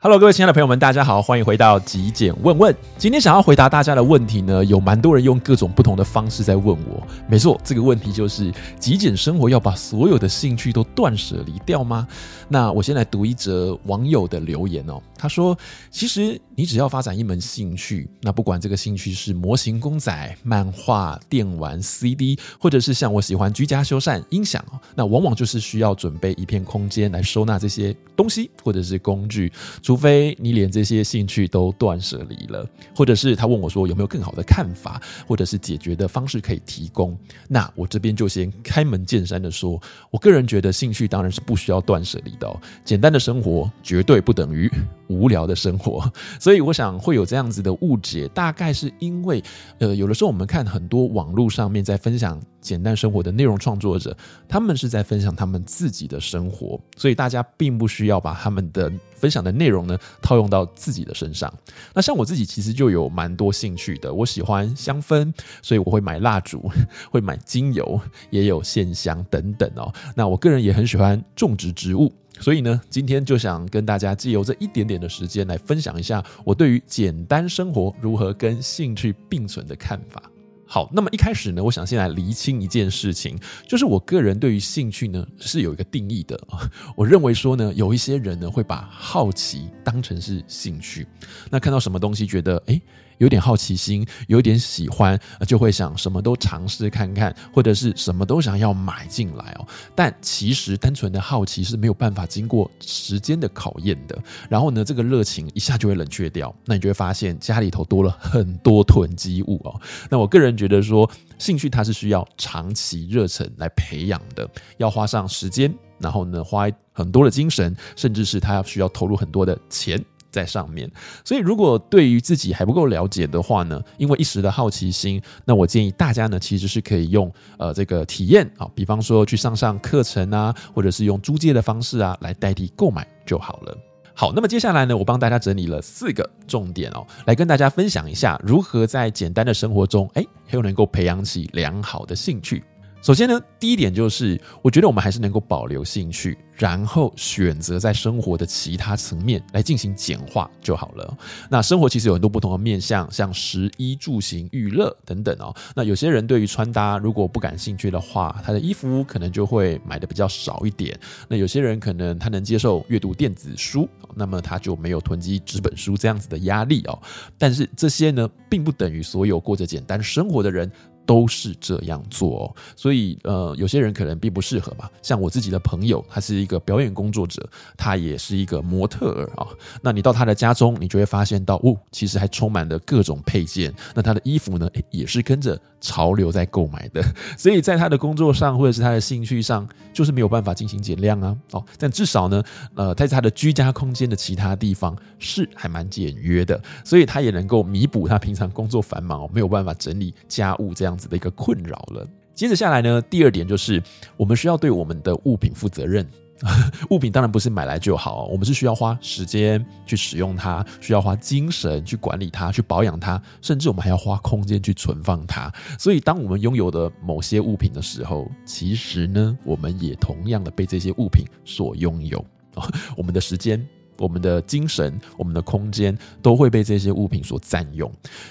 Hello，各位親愛的朋友們，大家好，歡迎回到極簡問問。今天想要回答大家的問題呢，有蠻多人用各種不同的方式在問我。沒錯，這個問題就是：極簡生活要把所有的興趣都斷捨離掉嗎？那我先來讀一則網友的留言哦。他說：“其實你只要發展一門興趣，那不管這個興趣是模型、公仔、漫畫、電玩、CD，或者是像我喜歡居家修繕音響哦，那往往就是需要準備一片空間來收納這些東西或者是工具。”除非你連這些興趣都斷捨離了，或者是他問我說有沒有更好的看法，或者是解決的方式可以提供，那我這邊就先開門見山的說，我個人覺得興趣當然是不需要斷捨離的哦。簡單的生活絕對不等於無聊的生活，所以我想會有這樣子的誤解，大概是因為呃，有的時候我們看很多網絡上面在分享簡單生活的內容創作者，他們是在分享他們自己的生活，所以大家並不需要把他們的。分享的內容呢，套用到自己的身上。那像我自己其實就有蠻多興趣的，我喜歡香氛，所以我會買蠟燭，會買精油，也有線香等等哦。那我個人也很喜歡種植植物，所以呢，今天就想跟大家借由這一點點的時間來分享一下我對於簡單生活如何跟興趣並存的看法。好，那麼一開始呢，我想先來釐清一件事情，就是我個人對於興趣呢是有一個定義的啊。我認為說呢，有一些人呢會把好奇當成是興趣，那看到什麼東西覺得誒。有點好奇心，有點喜歡，就會想什麼都嘗試看看，或者是什麼都想要買進來哦。但其實單純的好奇是沒有辦法經過時間的考驗的。然後呢，這個熱情一下就會冷卻掉。那你就會發現家裡頭多了很多囤積物哦。那我個人覺得說，興趣它是需要長期熱忱來培養的，要花上時間，然後呢花很多的精神，甚至是它要需要投入很多的錢。在上面，所以如果對於自己還不夠了解的話呢，因為一時的好奇心，那我建議大家呢其實是可以用呃這個體驗啊、哦，比方說去上上課程啊，或者是用租借的方式啊來代替購買就好了。好，那麼接下來呢，我幫大家整理了四個重點哦，來跟大家分享一下如何在簡單的生活中，誒，又能夠培養起良好的興趣。首先呢，第一點就是，我覺得我們還是能夠保留興趣，然後選擇在生活的其他層面來進行簡化就好了。那生活其實有很多不同的面向，像食衣住行、娛樂等等哦。那有些人對於穿搭如果不感興趣的話，他的衣服可能就會買得比較少一點。那有些人可能他能接受閱讀電子書，那麼他就沒有囤積紙本書這樣子的壓力哦。但是這些呢，並不等於所有過着簡單生活的人。都是這樣做哦，所以呃，有些人可能並不適合吧。像我自己的朋友，他是一個表演工作者，他也是一個模特兒啊、哦。那你到他的家中，你就會發現到，哦，其實還充滿了各種配件。那他的衣服呢，也是跟着潮流在購買的。所以在他的工作上或者是他的興趣上，就是沒有辦法進行減量啊。哦，但至少呢，呃，在他的居家空間的其他地方是還蠻簡約的，所以他也能夠彌補他平常工作繁忙、哦，沒有辦法整理家務這樣子的一個困擾了。接着下來呢，第二點就是，我們需要對我們的物品負責任。物品當然不是買來就好，我們是需要花時間去使用它，需要花精神去管理它，去保養它，甚至我們還要花空間去存放它。所以，當我們擁有的某些物品的時候，其實呢，我們也同樣的被這些物品所擁有，我們的時間。我們的精神、我們的空間都會被這些物品所佔用，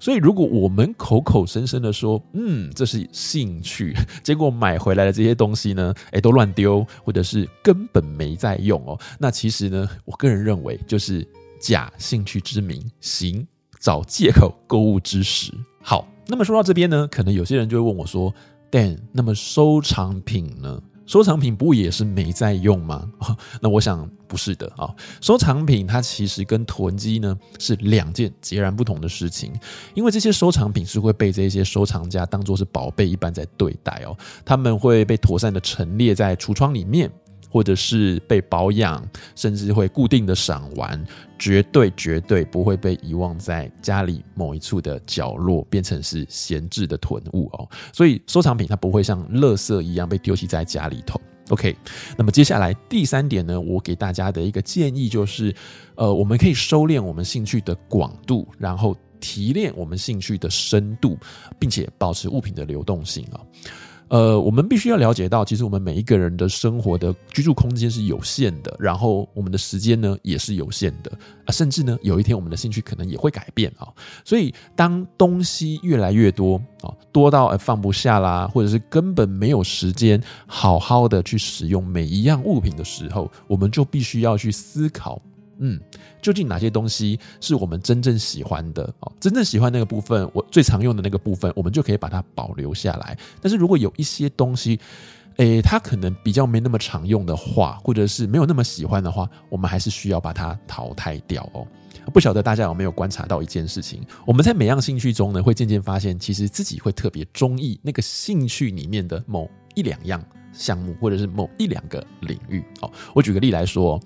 所以如果我們口口聲聲的說“嗯，這是興趣”，結果買回來的這些東西呢，哎，都亂丟，或者是根本沒在用哦，那其實呢，我個人認為就是假興趣之名，行找借口購物之實。好，那麼說到這邊呢，可能有些人就會問我說：“Dan，那麼收藏品呢？”收藏品不也是沒在用嗎？哦，那我想不是的啊，哦。收藏品它其實跟囤積呢是兩件截然不同的事情，因為這些收藏品是會被這些收藏家當做是寶貝一般在對待哦，他們會被妥善的陳列在櫥窗裡面。或者是被保養，甚至會固定的賞玩，絕對絕對不會被遺忘在家裡某一處的角落，變成是閒置的囤物哦。所以收藏品它不會像垃圾一樣被丟棄在家裡頭。OK，那麼接下來第三點呢，我給大家的一個建議就是，呃，我們可以收斂我們興趣的廣度，然後提煉我們興趣的深度，並且保持物品的流動性啊、哦。呃，我們必須要了解到，其實我們每一個人的生活的居住空間是有限的，然後我們的時間呢也是有限的啊，呃，甚至呢有一天我們的興趣可能也會改變啊，哦，所以當東西越來越多啊，哦，多到，呃，放不下啦，或者是根本沒有時間好好的去使用每一樣物品的時候，我們就必須要去思考。嗯，究竟哪些東西是我們真正喜歡的？哦，真正喜歡那個部分，我最常用的那個部分，我們就可以把它保留下來。但是如果有一些東西，誒、欸，它可能比較沒那麼常用的話，或者是沒有那麼喜歡的話，我們還是需要把它淘汰掉哦。不曉得大家有沒有觀察到一件事情？我們在每樣興趣中呢，會漸漸發現，其實自己會特別中意那個興趣裡面的某一兩樣項目，或者是某一兩個領域。哦，我舉個例來說。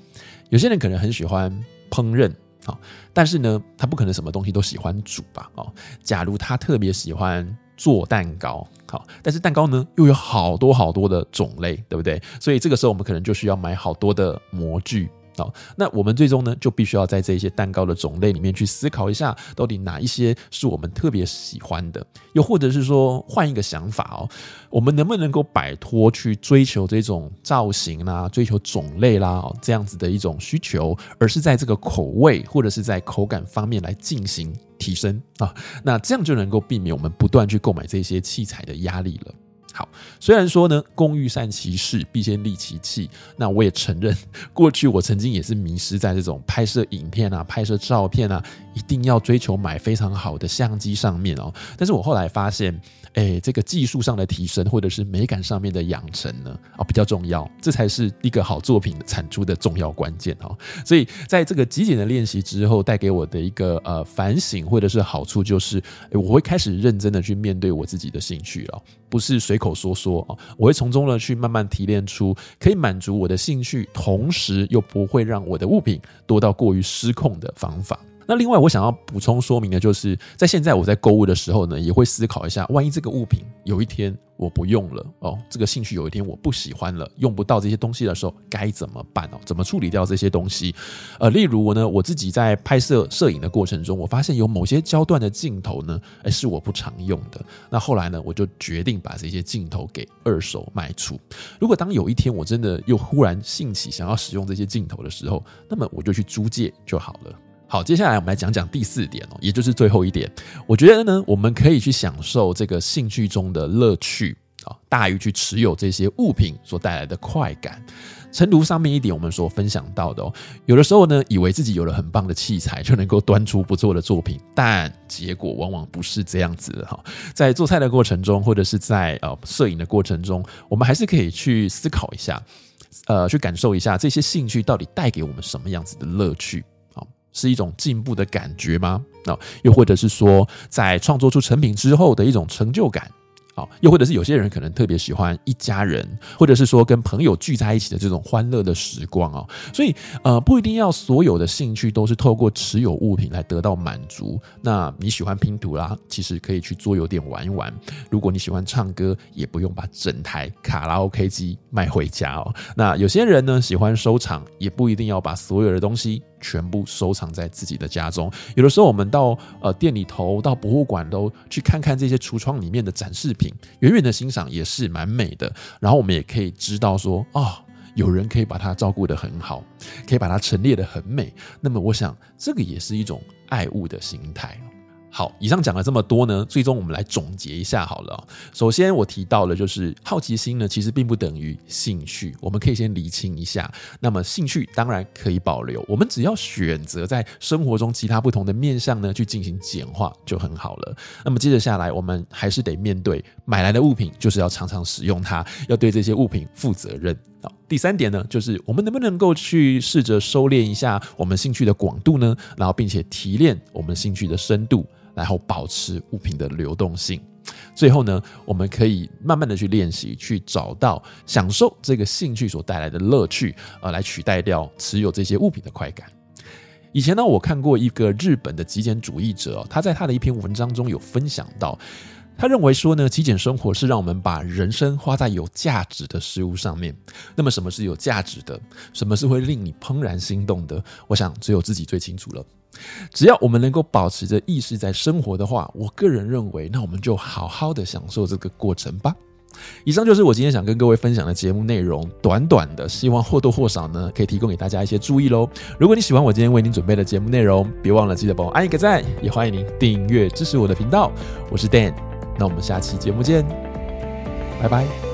有些人可能很喜歡烹飪啊，但是呢，他不可能什麼東西都喜歡煮吧啊。假如他特別喜歡做蛋糕，好，但是蛋糕呢，又有好多好多的種類，對不對？所以這個時候我們可能就需要買好多的模具。好、哦，那我們最終呢，就必須要在這些蛋糕的種類裡面去思考一下，到底哪一些是我們特別喜歡的，又或者是說換一個想法哦，我們能不能夠擺脫去追求這種造型啦、追求種類啦、哦、這樣子的一種需求，而是在這個口味或者是在口感方面來進行提升啊、哦？那這樣就能夠避免我們不斷去購買這些器材的壓力了。好，雖然說呢，工欲善其事，必先利其器。那我也承認，過去我曾經也是迷失在這種拍攝影片啊、拍攝照片啊，一定要追求買非常好的相機上面哦。但是我後來發現，哎、欸，這個技術上的提升或者是美感上面的養成呢，啊、哦，比較重要，這才是一個好作品產出的重要關鍵哦。所以，在這個極簡的練習之後，帶給我的一個呃反省或者是好處，就是、欸，我會開始認真的去面對我自己的興趣了、哦，不是隨。口說說啊，我會從中呢去慢慢提煉出可以滿足我的興趣，同時又不會讓我的物品多到過於失控的方法。那另外，我想要補充說明的就是，在現在我在購物的時候呢，也會思考一下，萬一這個物品有一天我不用了哦，這個興趣有一天我不喜歡了，用不到這些東西的時候該怎麼辦哦？怎麼處理掉這些東西？呃，例如呢，我自己在拍攝攝影的過程中，我發現有某些焦段的鏡頭呢，哎，是我不常用的。那後來呢，我就決定把這些鏡頭給二手賣出。如果當有一天我真的又忽然興起想要使用這些鏡頭的時候，那麼我就去租借就好了。好，接下來我們來講講第四點哦，也就是最後一點。我覺得呢，我們可以去享受這個興趣中的樂趣啊，大於去持有這些物品所帶來的快感。誠如上面一點，我們所分享到的哦，有的時候呢，以為自己有了很棒的器材就能夠端出不錯的作品，但結果往往不是這樣子的哈。在做菜的過程中，或者是在呃攝影的過程中，我們還是可以去思考一下，呃，去感受一下這些興趣到底帶給我們什麼樣子的樂趣。是一種進步的感覺嗎？哦，又或者是說，在創作出成品之後的一種成就感，哦，又或者是有些人可能特別喜歡一家人，或者是說跟朋友聚在一起的這種歡樂的時光哦。所以，呃，不一定要所有的興趣都是透過持有物品來得到滿足。那你喜歡拼圖啦，其實可以去桌遊店玩一玩；如果你喜歡唱歌，也不用把整台卡拉 OK 機賣回家哦。那有些人呢，喜歡收藏，也不一定要把所有的東西，全部收藏在自己的家中。有的時候，我們到呃店裡頭、到博物館都去看看這些櫥窗裡面的展示品，遠遠的欣賞也是蠻美的。然後我們也可以知道說，哦，有人可以把它照顧得很好，可以把它陳列得很美。那麼，我想這個也是一種愛物的心態。好，以上講了這麼多呢，最終我們來總結一下好了喔。首先我提到了就是好奇心呢，其實並不等於興趣，我們可以先理清一下。那麼興趣當然可以保留，我們只要選擇在生活中其他不同的面向呢，去進行簡化就很好了。那麼接着下來，我們還是得面對買來的物品，就是要常常使用它，要對這些物品負責任。好，第三點呢，就是我們能不能夠去試着收斂一下我們興趣的廣度呢？然後並且提煉我們興趣的深度。然後保持物品的流動性。最後呢，我們可以慢慢的去練習，去找到享受這個興趣所帶來的樂趣，呃，來取代掉持有這些物品的快感。以前呢，我看過一個日本的極簡主義者，哦，他在他的一篇文章中有分享到。他認為說呢，極簡生活是讓我們把人生花在有價值的事物上面。那麼，什麼是有價值的？什麼是會令你怦然心動的？我想只有自己最清楚了。只要我們能夠保持着意識在生活的話，我個人認為，那我們就好好的享受這個過程吧。以上就是我今天想跟各位分享的節目內容，短短的，希望或多或少呢，可以提供給大家一些注意嘍。如果你喜歡我今天為您準備的節目內容，別忘了記得幫我按一個讚，也歡迎您訂閱支持我的頻道。我是 Dan。那我們下期節目見，拜拜。